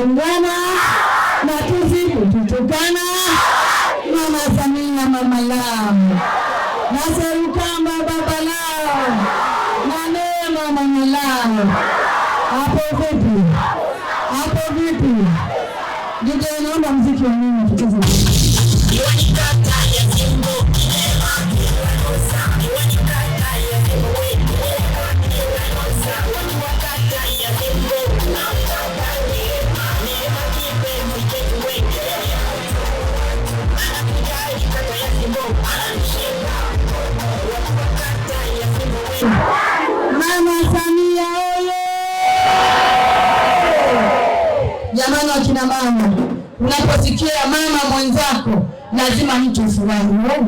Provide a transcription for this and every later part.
kuungana na tusi kututukana, Mama Samia mama lao na Serukamba baba lao na Neema mama lao. Hapo vipi? Hapo vipi? Ndio naomba mziki wa mimi tucheze. Mama Samia oye! Jamani wakina mama, unaposikia mama mwenzako lazima mtu ufurahi.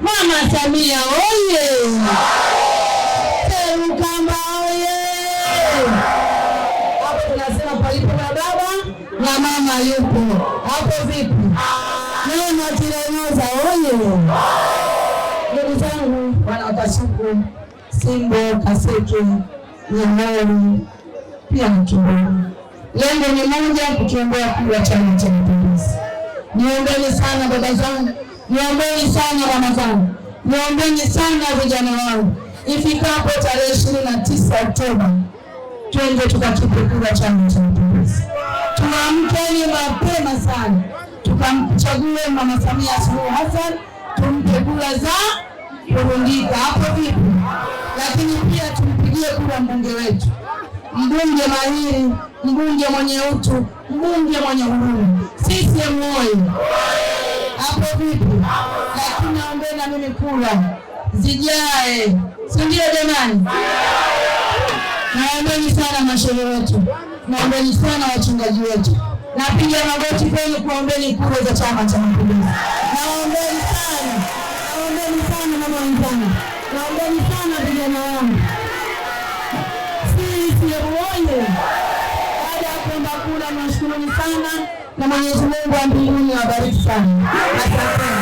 Mama Samia oye! Serukamba oye! Hapo tunasema palipo na baba na mama yupo hapo. Vipi? Neno Tileneza oye! Kasuku, Simbo, Kaseke, Nyamori pia Mtunduni. Lengo ni moja, kutuondoa kuwa Chama cha Mapinduzi. Niombeni sana baba zangu, niombeni sana mama zangu, niombeni sana vijana wangu, ifikapo tarehe ishirini na tisa Oktoba twende tukakipe kura Chama cha Mapinduzi. Tuamkeni mapema sana, tukamchague Mama Samia Suluhu Hassan, tumpe kura za kurundika hapo vipi? Lakini pia tumpigie kura mbunge wetu, mbunge mahiri, mbunge mwenye utu, mbunge mwenye huruma. Sisi oyee! Hapo vipi? Lakini naombe na mimi kura zijae, si ndio jamani? Naombeni sana mashehe wetu, naombeni sana wachungaji wetu, napiga magoti kwenu kuombeni kura za Chama cha Mapinduzi, naombeni sana vijana wangu sisimuoye. Baada ya kuomba kula, niwashukuruni sana na Mwenyezi Mungu wa mbinguni awabariki sana. Asante.